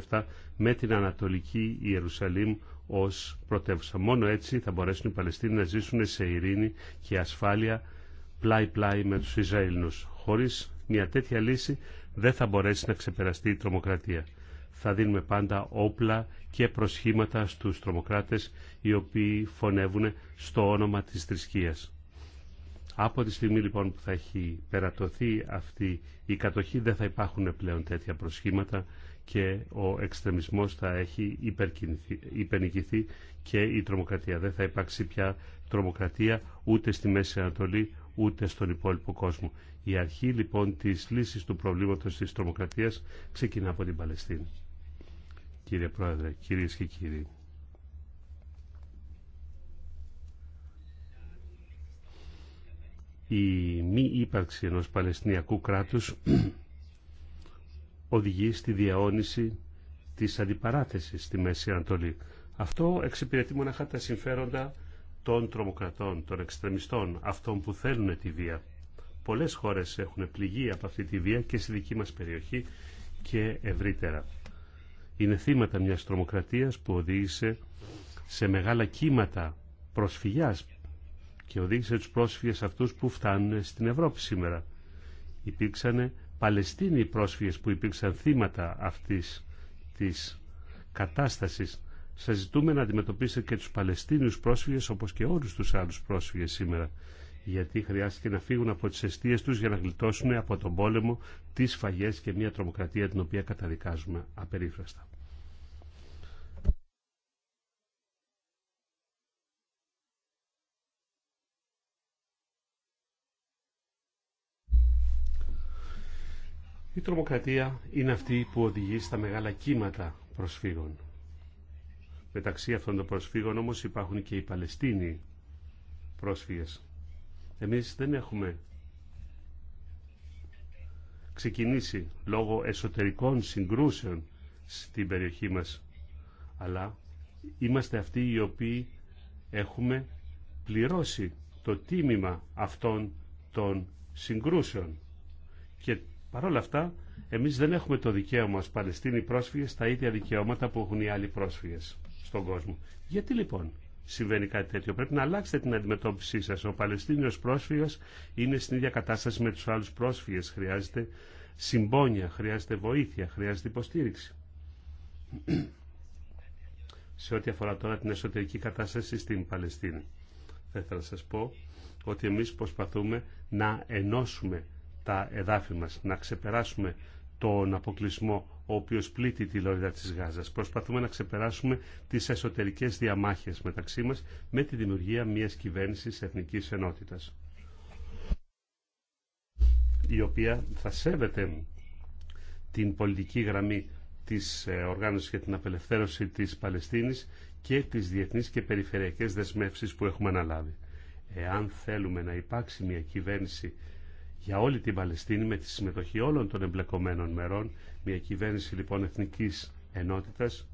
S2: 1967 με την Ανατολική Ιερουσαλήμ ως πρωτεύουσα. Μόνο έτσι θα μπορέσουν οι Παλαιστίνοι να ζήσουν σε ειρήνη και ασφάλεια πλάι-πλάι με τους Ισραηλινούς. Χωρίς μια τέτοια λύση δεν θα μπορέσει να ξεπεραστεί η τρομοκρατία θα δίνουμε πάντα όπλα και προσχήματα στους τρομοκράτες οι οποίοι φωνεύουν στο όνομα της θρησκείας. Από τη στιγμή λοιπόν που θα έχει περατωθεί αυτή η κατοχή δεν θα υπάρχουν πλέον τέτοια προσχήματα και ο εξτρεμισμός θα έχει υπερνικηθεί και η τρομοκρατία. Δεν θα υπάρξει πια τρομοκρατία ούτε στη Μέση Ανατολή ούτε στον υπόλοιπο κόσμο. Η αρχή λοιπόν της λύσης του προβλήματος της τρομοκρατίας ξεκινά από την Παλαιστίνη κύριε Πρόεδρε, κυρίες και κύριοι. Η μη ύπαρξη ενός Παλαιστινιακού κράτους οδηγεί στη διαώνιση της αντιπαράθεσης στη Μέση Ανατολή. Αυτό εξυπηρετεί μοναχά τα συμφέροντα των τρομοκρατών, των εξτρεμιστών, αυτών που θέλουν τη βία. Πολλές χώρες έχουν πληγεί από αυτή τη βία και στη δική μας περιοχή και ευρύτερα είναι θύματα μιας τρομοκρατίας που οδήγησε σε μεγάλα κύματα προσφυγιάς και οδήγησε τους πρόσφυγες αυτούς που φτάνουν στην Ευρώπη σήμερα. Υπήρξαν Παλαιστίνοι πρόσφυγες που υπήρξαν θύματα αυτής της κατάστασης. Σας ζητούμε να αντιμετωπίσετε και τους Παλαιστίνιους πρόσφυγες όπως και όλους τους άλλους πρόσφυγες σήμερα γιατί χρειάστηκε να φύγουν από τις αιστείες τους για να γλιτώσουν από τον πόλεμο τις φαγές και μια τρομοκρατία την οποία καταδικάζουμε απερίφραστα. Η τρομοκρατία είναι αυτή που οδηγεί στα μεγάλα κύματα προσφύγων. Μεταξύ αυτών των προσφύγων όμως υπάρχουν και οι Παλαιστίνοι πρόσφυγες. Εμείς δεν έχουμε ξεκινήσει λόγω εσωτερικών συγκρούσεων στην περιοχή μας. Αλλά είμαστε αυτοί οι οποίοι έχουμε πληρώσει το τίμημα αυτών των συγκρούσεων. Και παρόλα αυτά, εμείς δεν έχουμε το δικαίωμα ως Παλαιστίνοι πρόσφυγες τα ίδια δικαιώματα που έχουν οι άλλοι πρόσφυγες στον κόσμο. Γιατί λοιπόν συμβαίνει κάτι τέτοιο. Πρέπει να αλλάξετε την αντιμετώπιση σα. Ο Παλαιστίνιος πρόσφυγα είναι στην ίδια κατάσταση με του άλλου πρόσφυγε. Χρειάζεται συμπόνια, χρειάζεται βοήθεια, χρειάζεται υποστήριξη. Σε ό,τι αφορά τώρα την εσωτερική κατάσταση στην Παλαιστίνη. Θα ήθελα να σας πω ότι εμεί προσπαθούμε να ενώσουμε τα εδάφη μα, να ξεπεράσουμε τον αποκλεισμό ο οποίος πλήττει τη λωρίδα της Γάζας. Προσπαθούμε να ξεπεράσουμε τις εσωτερικές διαμάχες μεταξύ μας με τη δημιουργία μιας κυβέρνησης εθνικής ενότητας η οποία θα σέβεται την πολιτική γραμμή της ε, οργάνωσης για την απελευθέρωση της Παλαιστίνης και τις διεθνείς και περιφερειακές δεσμεύσεις που έχουμε αναλάβει. Εάν θέλουμε να υπάρξει μια κυβέρνηση για όλη την Παλαιστίνη με τη συμμετοχή όλων των εμπλεκομένων μερών. Μια κυβέρνηση λοιπόν εθνικής ενότητας.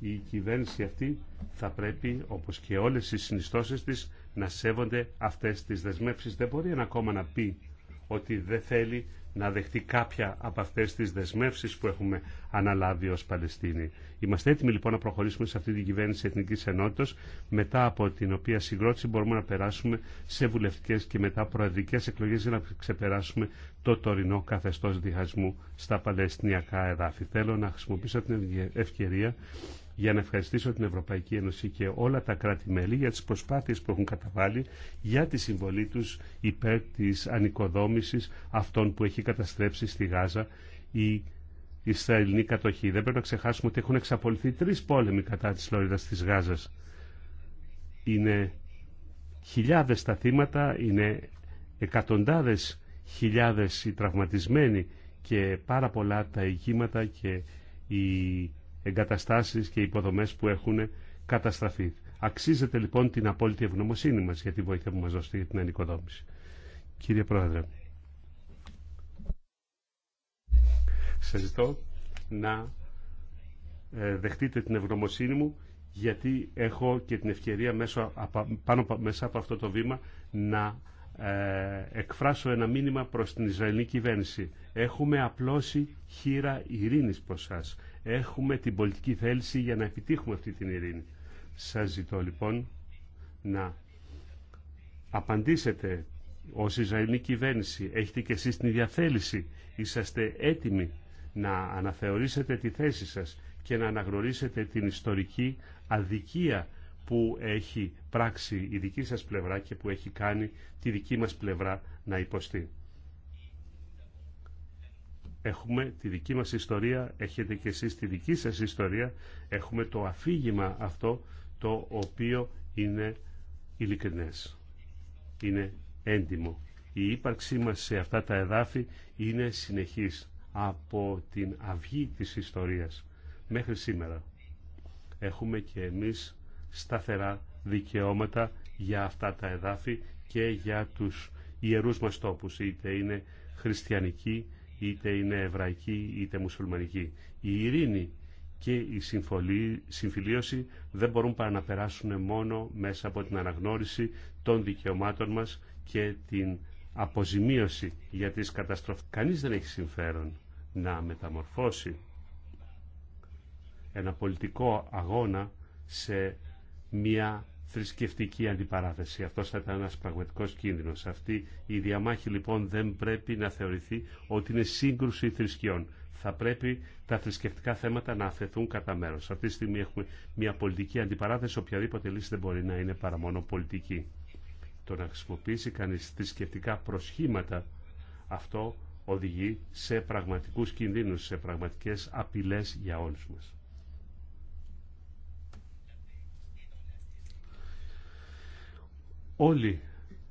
S2: Η κυβέρνηση αυτή θα πρέπει, όπως και όλες οι συνιστώσεις της, να σέβονται αυτές τις δεσμεύσεις. Δεν μπορεί ένα κόμμα να πει ότι δεν θέλει να δεχτεί κάποια από αυτές τις δεσμεύσεις που έχουμε αναλάβει ως Παλαιστίνη. Είμαστε έτοιμοι λοιπόν να προχωρήσουμε σε αυτή την κυβέρνηση εθνική Ενότητα, μετά από την οποία συγκρότηση μπορούμε να περάσουμε σε βουλευτικές και μετά προεδρικές εκλογές για να ξεπεράσουμε το τωρινό καθεστώς διχασμού στα παλαιστινιακά εδάφη. Θέλω να χρησιμοποιήσω την ευκαιρία για να ευχαριστήσω την Ευρωπαϊκή Ένωση και όλα τα κράτη-μέλη για τις προσπάθειες που έχουν καταβάλει για τη συμβολή τους υπέρ της ανοικοδόμησης αυτών που έχει καταστρέψει στη Γάζα η Ισραηλινή κατοχή. Δεν πρέπει να ξεχάσουμε ότι έχουν εξαπολυθεί τρεις πόλεμοι κατά της Λόριδας της Γάζας. Είναι χιλιάδες τα θύματα, είναι εκατοντάδες χιλιάδες οι τραυματισμένοι και πάρα πολλά τα εγκύματα και οι εγκαταστάσεις και υποδομές που έχουν καταστραφεί. Αξίζεται λοιπόν την απόλυτη ευγνωμοσύνη μας για τη βοήθεια που μας δώσετε για την ανοικοδόμηση. Κύριε Πρόεδρε, σας ζητώ να ε, δεχτείτε την ευγνωμοσύνη μου γιατί έχω και την ευκαιρία μέσω, πάνω, μέσα από αυτό το βήμα να ε, εκφράσω ένα μήνυμα προς την Ισραηλινή κυβέρνηση. Έχουμε απλώσει χείρα ειρήνης προς σας έχουμε την πολιτική θέληση για να επιτύχουμε αυτή την ειρήνη. Σας ζητώ λοιπόν να απαντήσετε ως Ισραηλινή κυβέρνηση. Έχετε και εσείς την διαθέληση, Είσαστε έτοιμοι να αναθεωρήσετε τη θέση σας και να αναγνωρίσετε την ιστορική αδικία που έχει πράξει η δική σας πλευρά και που έχει κάνει τη δική μας πλευρά να υποστεί. Έχουμε τη δική μας ιστορία, έχετε και εσείς τη δική σας ιστορία. Έχουμε το αφήγημα αυτό το οποίο είναι ειλικρινές. Είναι έντιμο. Η ύπαρξή μας σε αυτά τα εδάφη είναι συνεχής από την αυγή της ιστορίας μέχρι σήμερα. Έχουμε και εμείς σταθερά δικαιώματα για αυτά τα εδάφη και για τους ιερούς μας τόπους, είτε είναι χριστιανικοί είτε είναι εβραϊκή είτε μουσουλμανική. Η ειρήνη και η συμφιλίωση δεν μπορούν παρά να περάσουν μόνο μέσα από την αναγνώριση των δικαιωμάτων μας και την αποζημίωση για τις καταστροφές. Κανείς δεν έχει συμφέρον να μεταμορφώσει ένα πολιτικό αγώνα σε μια θρησκευτική αντιπαράθεση. Αυτό θα ήταν ένα πραγματικό κίνδυνο. Αυτή η διαμάχη λοιπόν δεν πρέπει να θεωρηθεί ότι είναι σύγκρουση θρησκειών. Θα πρέπει τα θρησκευτικά θέματα να αφαιθούν κατά μέρο. Αυτή τη στιγμή έχουμε μια πολιτική αντιπαράθεση. Οποιαδήποτε λύση δεν μπορεί να είναι παρά μόνο πολιτική. Το να χρησιμοποιήσει κανεί θρησκευτικά προσχήματα αυτό οδηγεί σε πραγματικούς κινδύνους, σε πραγματικές απειλές για όλους μας. Όλοι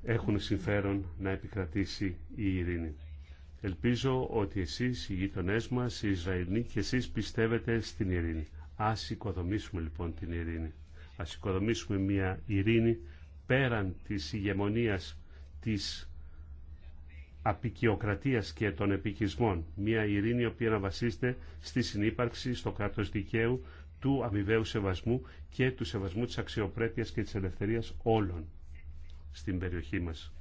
S2: έχουν συμφέρον να επικρατήσει η ειρήνη. Ελπίζω ότι εσείς, οι γειτονέ μας, οι Ισραηλοί και εσείς πιστεύετε στην ειρήνη. Ας οικοδομήσουμε λοιπόν την ειρήνη. Ας οικοδομήσουμε μια ειρήνη πέραν της ηγεμονίας της απικιοκρατίας και των επικισμών. Μια ειρήνη η οποία να βασίζεται στη συνύπαρξη, στο κράτος δικαίου, του αμοιβαίου σεβασμού και του σεβασμού της αξιοπρέπειας και της ελευθερίας όλων στην περιοχή μας.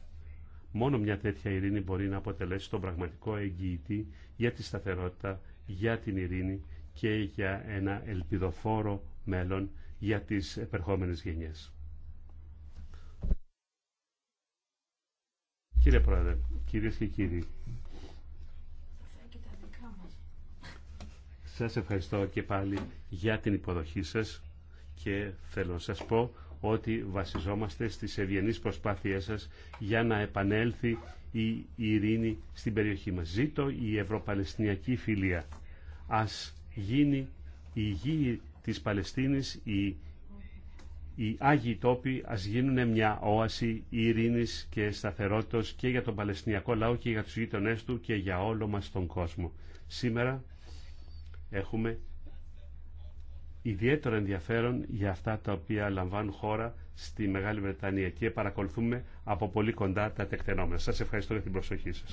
S2: Μόνο μια τέτοια ειρήνη μπορεί να αποτελέσει τον πραγματικό εγγυητή για τη σταθερότητα, για την ειρήνη και για ένα ελπιδοφόρο μέλλον για τις επερχόμενες γενιές. Κύριε Πρόεδρε, κυρίες και κύριοι, σας ευχαριστώ και πάλι για την υποδοχή σας και θέλω να σας πω ότι βασιζόμαστε στις ευγενείς προσπάθειές σας για να επανέλθει η ειρήνη στην περιοχή μας. Ζήτω η ευρωπαλαιστινιακή φιλία. Ας γίνει η γη της Παλαιστίνης, η οι Άγιοι τόποι ας γίνουν μια όαση ειρήνης και σταθερότητας και για τον Παλαιστινιακό λαό και για τους γείτονές του και για όλο μας τον κόσμο. Σήμερα έχουμε ιδιαίτερο ενδιαφέρον για αυτά τα οποία λαμβάνουν χώρα στη Μεγάλη Βρετανία και παρακολουθούμε από πολύ κοντά τα τεκτενόμενα. Σας ευχαριστώ για την προσοχή σας.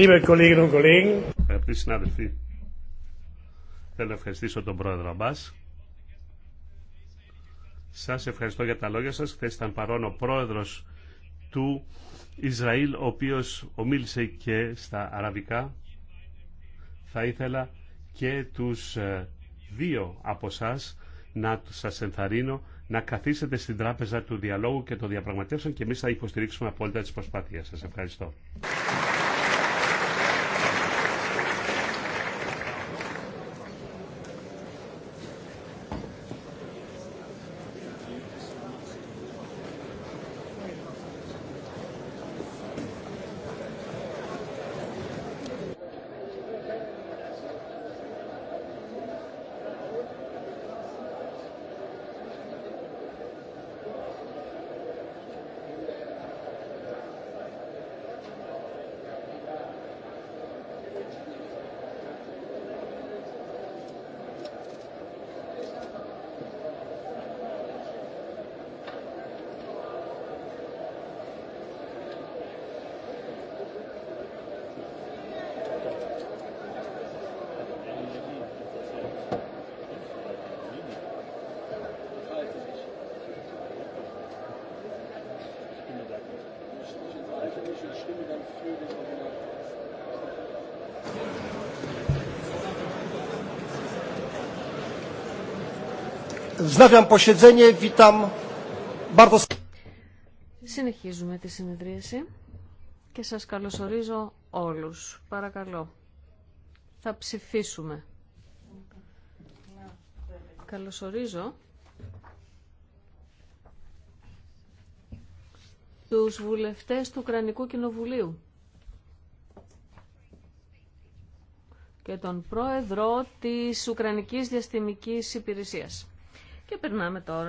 S2: Liebe Kolleginnen und Kollegen. Αγαπητοί συνάδελφοι, θέλω να ευχαριστήσω τον πρόεδρο μα. Σα ευχαριστώ για τα λόγια σα. Χθε ήταν παρόν ο πρόεδρο του Ισραήλ, ο οποίο ομίλησε και στα αραβικά. Θα ήθελα και του ε, δύο από εσά να σα ενθαρρύνω να καθίσετε στην τράπεζα του διαλόγου και των διαπραγματεύσεων και εμεί θα υποστηρίξουμε απόλυτα τι προσπάθειε σα. Ευχαριστώ.
S3: Wznawiam posiedzenie. Witam bardzo.
S4: Συνεχίζουμε τη συνεδρίαση και σας καλωσορίζω όλους. Παρακαλώ. Θα ψηφίσουμε. Καλωσορίζω τους βουλευτές του Κρανικού Κοινοβουλίου και τον πρόεδρο της Ουκρανικής Διαστημικής Υπηρεσίας. Και περνάμε τώρα